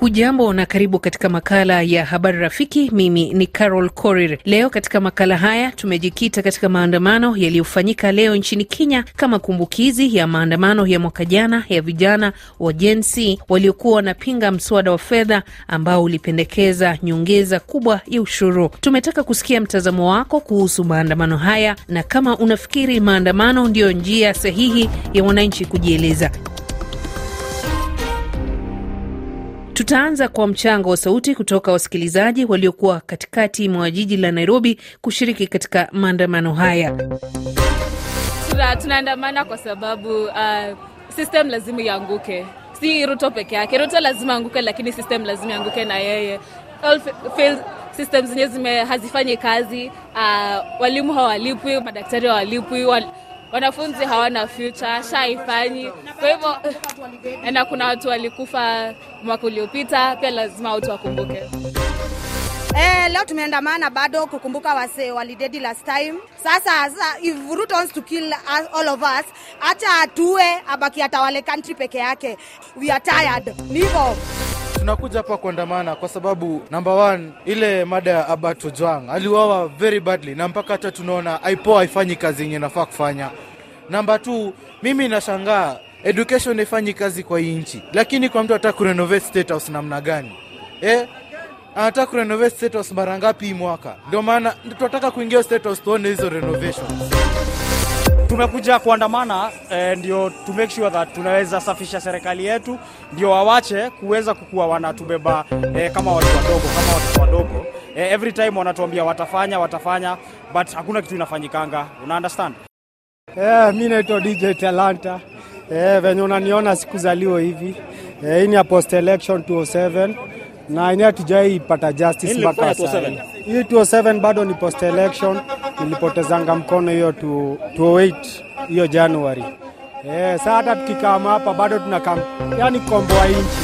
Hujambo na karibu katika makala ya habari rafiki. Mimi ni Carol Korir. Leo katika makala haya tumejikita katika maandamano yaliyofanyika leo nchini Kenya kama kumbukizi ya maandamano ya mwaka jana ya vijana wa Gen Z waliokuwa wanapinga mswada wa fedha ambao ulipendekeza nyongeza kubwa ya ushuru. Tumetaka kusikia mtazamo wako kuhusu maandamano haya na kama unafikiri maandamano ndiyo njia sahihi ya wananchi kujieleza. Tutaanza kwa mchango wa sauti kutoka wasikilizaji waliokuwa katikati mwa jiji la Nairobi kushiriki katika maandamano haya. Tunaandamana kwa sababu uh, system lazima ianguke, si Ruto peke yake. Ruto lazima anguke, lakini system lazima ianguke na yeye. All failed system hazifanyi kazi. Uh, walimu hawalipwi, madaktari hawalipwi wal wanafunzi hawana future shaifanyi. Kwa hivyo eh, na kuna watu walikufa mwaka uliopita, pia lazima watu wakumbuke. Eh, leo tumeandamana bado kukumbuka wase walidedi last time. Sasa, sasa if Ruto wants to kill us, all of us, acha atue abaki atawale country peke yake. We are tired. Nivo. Tunakuja hapa kuandamana kwa sababu number one, ile mada ya Albert Ojwang aliuawa very badly na mpaka hata tunaona IPOA haifanyi kazi yenye nafaa kufanya. Number two, mimi nashangaa education haifanyi kazi kwa hii nchi, lakini kwa mtu ataka kurenovate state house namna gani eh? anataka kurenovate State House mara ngapi hii mwaka? Ndio maana tunataka kuingia State House tuone hizo renovations. Tumekuja kuandamana eh, ndio to make sure that tunaweza safisha serikali yetu, ndio wawache kuweza kukuwa wanatubeba eh, kama watu wadogo, kama watu wadogo eh, every time wanatuambia watafanya watafanya, but hakuna kitu inafanyikanga, una understand? eh? Yeah, mimi naitwa DJ Talanta. Eh, venye unaniona sikuzaliwa hivi. Eh, hii ni post election 207 na enyewe tujaipata justice mpaka sasa. Oh Hii 207 bado ni post election, nilipotezanga mkono hiyo 208 hiyo january E, eh, saa hata tukikama hapa bado tunakam, yani komboa nchi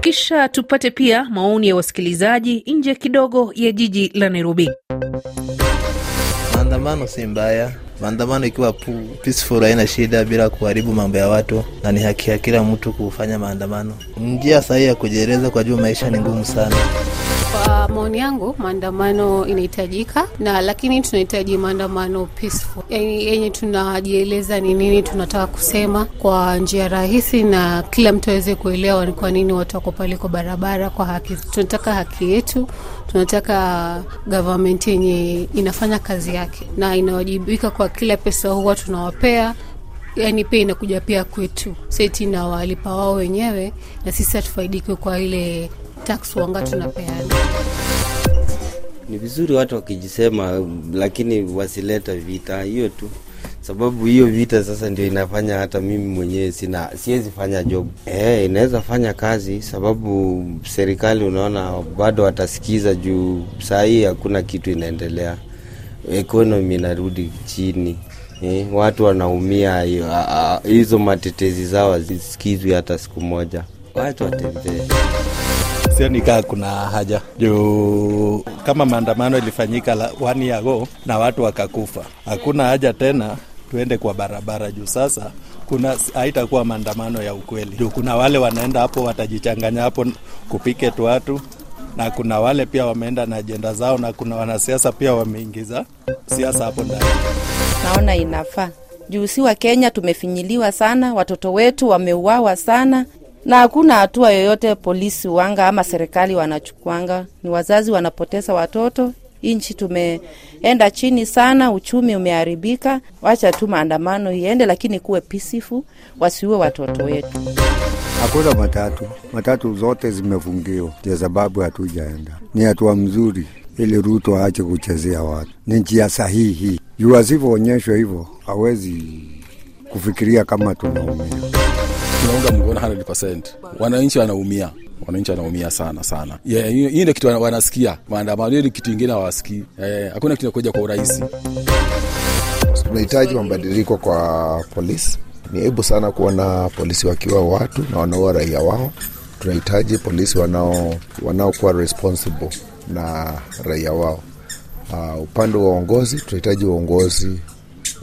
kisha tupate pia maoni ya wasikilizaji nje kidogo ya jiji la Nairobi. Maandamano si mbaya, maandamano ikiwa peaceful haina shida, bila kuharibu mambo ya watu, na ni haki ya kila mtu kufanya maandamano. Njia sahihi ya kujieleza, kwa juu maisha ni ngumu sana. Kwa maoni yangu, maandamano inahitajika na lakini tunahitaji maandamano peaceful, yani yenye tunajieleza ni nini tunataka kusema kwa njia rahisi, na kila mtu aweze kuelewa ni kwa nini watu wako pale kwa barabara kwa haki. Tunataka haki yetu, tunataka government yenye inafanya kazi yake na inawajibika kwa kila pesa huwa tunawapea yani pia inakuja pia kwetu seti na walipa wao wenyewe, na sisi hatufaidiki kwa ile tax wanga tunapeana ni vizuri watu wakijisema, lakini wasileta vita hiyo tu, sababu hiyo vita sasa ndio inafanya hata mimi mwenyewe sina siwezi fanya job e, inaweza fanya kazi, sababu serikali unaona bado watasikiza juu saa hii hakuna kitu inaendelea, ekonomi inarudi chini. e, watu wanaumia, hizo matetezi zao hazisikizwi hata siku moja. Watu watembee Sioni kaa kuna haja juu kama maandamano ilifanyika wani yago na watu wakakufa, hakuna haja tena tuende kwa barabara juu sasa kuna haitakuwa maandamano ya ukweli juu kuna wale wanaenda hapo watajichanganya hapo tu watu na kuna wale pia wameenda na ajenda zao, na kuna wanasiasa pia wameingiza siasa hapo ndani. Naona inafaa juu si wa Kenya tumefinyiliwa sana, watoto wetu wameuawa sana, na hakuna hatua yoyote polisi wanga ama serikali wanachukuanga. Ni wazazi wanapoteza watoto. Nchi tumeenda chini sana, uchumi umeharibika. Wacha tu maandamano iende, lakini kuwe peaceful, wasiue watoto wetu. Hakuna matatu, matatu zote zimefungiwa kwa sababu hatujaenda. Ni hatua mzuri ili Ruto aache kuchezea watu, ni njia sahihi. Juu asivyoonyeshwa hivyo hawezi kufikiria kama tunaumia tunaunga mkono 100%. Wananchi wanaumia, wananchi wanaumia sana sana. Yeah, hii ndio kitu wanasikia maandamano, ili kitu ingine hawasikii. Eh, hakuna kitu kinakuja kwa urahisi. Tunahitaji mabadiliko kwa polisi. Ni aibu sana kuona polisi wakiwa watu na wanaua raia wao. Tunahitaji polisi wanao wanaokuwa responsible na raia wao. Uh, upande wa uongozi tunahitaji uongozi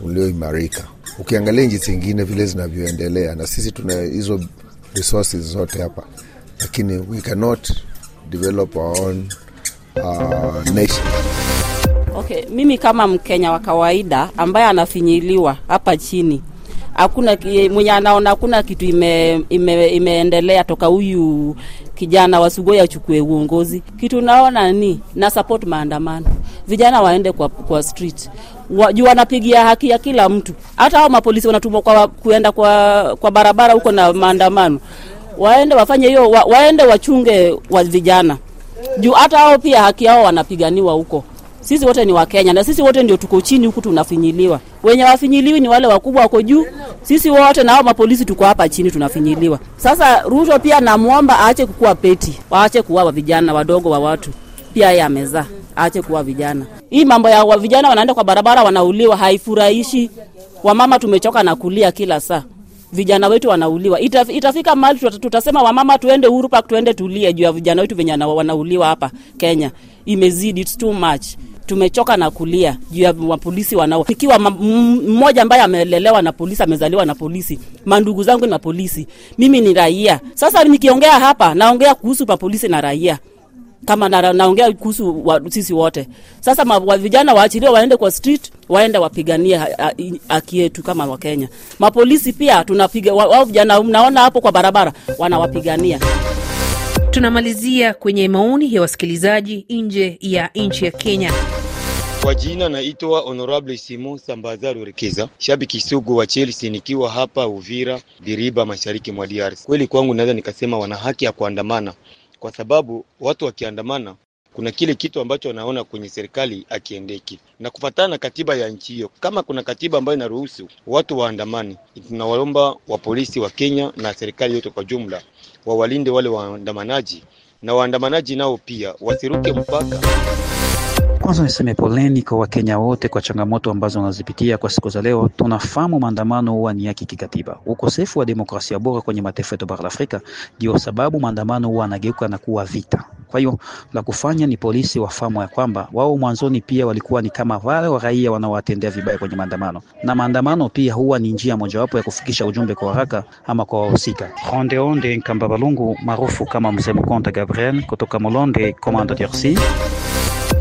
ulioimarika ukiangalia nchi zingine vile zinavyoendelea, na sisi tuna hizo resources zote hapa, lakini we cannot develop our own uh, nation. Okay, mimi kama Mkenya wa kawaida ambaye anafinyiliwa hapa chini hakuna mwenye anaona hakuna kitu ime, ime, imeendelea toka huyu kijana Wasugoi achukue uongozi. Kitu naona ni na support maandamano, vijana waende kwa, kwa street wajuu wanapigia haki ya kila mtu, hata hao mapolisi wanatumwa kwa kuenda kwa, kwa barabara huko na maandamano, waende wafanye hiyo wa, waende wachunge wa vijana juu hata hao pia haki yao wanapiganiwa huko. Sisi wote ni Wakenya na sisi wote ndio tuko chini huku tunafinyiliwa. Wenye wafinyiliwi ni wale wakubwa wako juu, sisi wote na hao mapolisi tuko hapa chini tunafinyiliwa. Sasa Ruto pia namwomba aache kukuwa peti, waache kuwawa vijana wadogo wa watu, pia yeye amezaa, aache kuwa vijana. Hii mambo ya vijana wanaenda kwa barabara wanauliwa haifurahishi. Wamama tumechoka na kulia kila saa vijana wetu wanauliwa. Itaf, itafika mahali tutasema wamama, tuende Uhuru Park tuende tulie juu ya vijana wetu venye wanauliwa hapa Kenya. Imezidi, it's too much tumechoka na kulia juu ya mapolisi wanao. Nikiwa mmoja ambaye amelelewa na polisi, amezaliwa na polisi, mandugu zangu ni mapolisi, mimi ni raia. Sasa nikiongea hapa, naongea kuhusu mapolisi na raia kama na, naongea kuhusu wa, sisi wote sasa ma, wa, vijana waachiliwa waende kwa street waende wapiganie haki yetu kama Wakenya. Mapolisi pia tunapiga wao wa, vijana mnaona hapo kwa barabara wanawapigania. Tunamalizia kwenye maoni ya wasikilizaji nje ya nchi ya Kenya. Kwa jina naitwa Honorable Simon Sambaza Rurekeza, shabiki sugu wa Chelsea, nikiwa hapa Uvira diriba mashariki mwa DRC. Kweli kwangu naweza nikasema wana haki ya kuandamana, kwa sababu watu wakiandamana kuna kile kitu ambacho wanaona kwenye serikali akiendeki na kufatana na katiba ya nchi hiyo. Kama kuna katiba ambayo inaruhusu watu waandamani, tunawaomba wa polisi wa Kenya na serikali yote kwa jumla wawalinde wale waandamanaji, na waandamanaji nao pia wasiruke mpaka kwanza niseme poleni kwa Wakenya wote kwa changamoto ambazo wanazipitia kwa siku za leo. Tunafahamu maandamano huwa ni yake kikatiba. Ukosefu wa demokrasia bora kwenye mataifa yetu bara la Afrika ndio sababu maandamano huwa anageuka na kuwa vita. Kwa hiyo la kufanya ni polisi wafahamu ya kwamba wao mwanzoni pia walikuwa ni kama wale wa raia wanaowatendea vibaya kwenye maandamano, na maandamano pia huwa ni njia mojawapo ya kufikisha ujumbe kwa haraka ama kwa wahusika. Onde Rondeonde Balungu maarufu kama Mzee Mkonta Gabriel kutoka Molonde, Commanda DRC.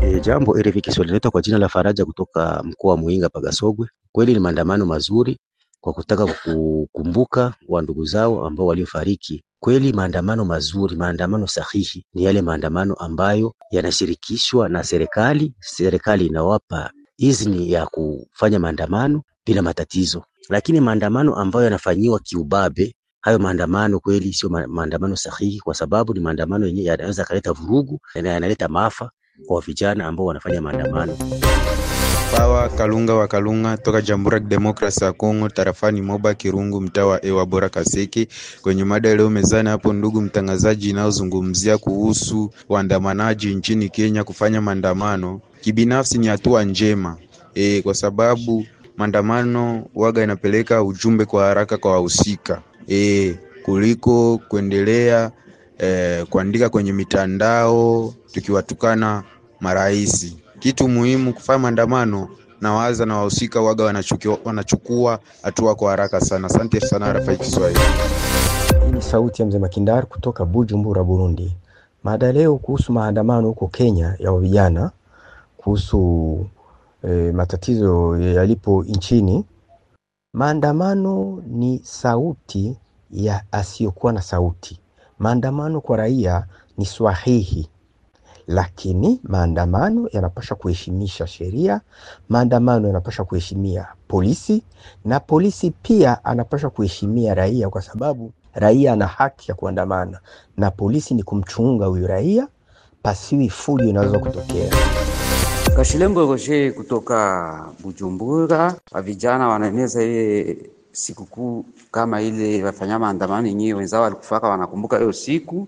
E, jambo RFI Kiswahili linaitwa kwa jina la Faraja kutoka mkoa wa Muinga Pagasogwe. Kweli ni maandamano mazuri kwa kutaka kukumbuka wa ndugu zao ambao waliofariki. Kweli maandamano mazuri, maandamano sahihi ni yale maandamano ambayo yanashirikishwa na serikali, serikali inawapa izni ya kufanya maandamano bila matatizo, lakini maandamano ambayo yanafanyiwa kiubabe hayo maandamano kweli sio maandamano sahihi, kwa sababu ni maandamano yenyewe yanaweza kaleta vurugu na yanaleta maafa kwa vijana ambao wanafanya maandamano. Pawa Kalunga wa Kalunga toka Jamhuri ya Kidemokrasia ya Kongo, tarafani Moba Kirungu, mtaa wa Ewa Bora Kaseke. Kwenye mada leo mezani hapo, ndugu mtangazaji, inayozungumzia kuhusu waandamanaji nchini Kenya kufanya maandamano, kibinafsi ni hatua njema e, kwa sababu maandamano waga inapeleka ujumbe kwa haraka kwa wahusika e, kuliko kuendelea eh, kuandika kwenye mitandao tukiwatukana marais. Kitu muhimu kufanya maandamano na waza na wahusika waga wanachukua, hatua kwa haraka sana. Asante sana RFI Kiswahili. Hii ni sauti ya mzee Makindar kutoka Bujumbura, Burundi. Mada leo kuhusu maandamano huko Kenya ya vijana kuhusu e, matatizo yalipo nchini. Maandamano ni sauti ya asiyokuwa na sauti. Maandamano kwa raia ni swahihi, lakini maandamano yanapasha kuheshimisha sheria, maandamano yanapasha kuheshimia polisi na polisi pia anapasha kuheshimia raia, kwa sababu raia ana haki ya kuandamana na polisi ni kumchunga huyu raia pasiwi fujo inaweza kutokea. Kashilembo Roger kutoka Bujumbura. Vijana wanaeneza ile sikukuu kama ile wafanya maandamano yenyewe wenzao walikufaka, wanakumbuka hiyo siku.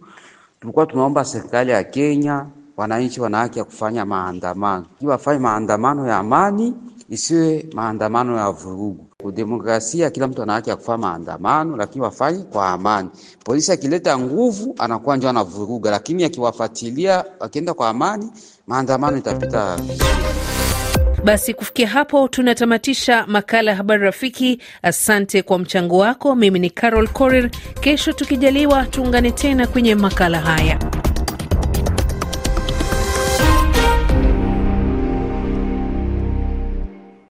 Tulikuwa tunaomba serikali ya Kenya, wananchi wana haki ya kufanya maandamano, wafanye maandamano ya amani, isiwe maandamano ya vurugu. Demokrasia, kila mtu ana haki ya kufanya maandamano, lakini wafanye kwa amani. Polisi akileta nguvu anakuwa ndio anavuruga, lakini akiwafuatilia akienda kwa amani, maandamano itapita. Basi kufikia hapo tunatamatisha makala ya habari rafiki. Asante kwa mchango wako. Mimi ni Carol Korir. Kesho tukijaliwa, tuungane tena kwenye makala haya.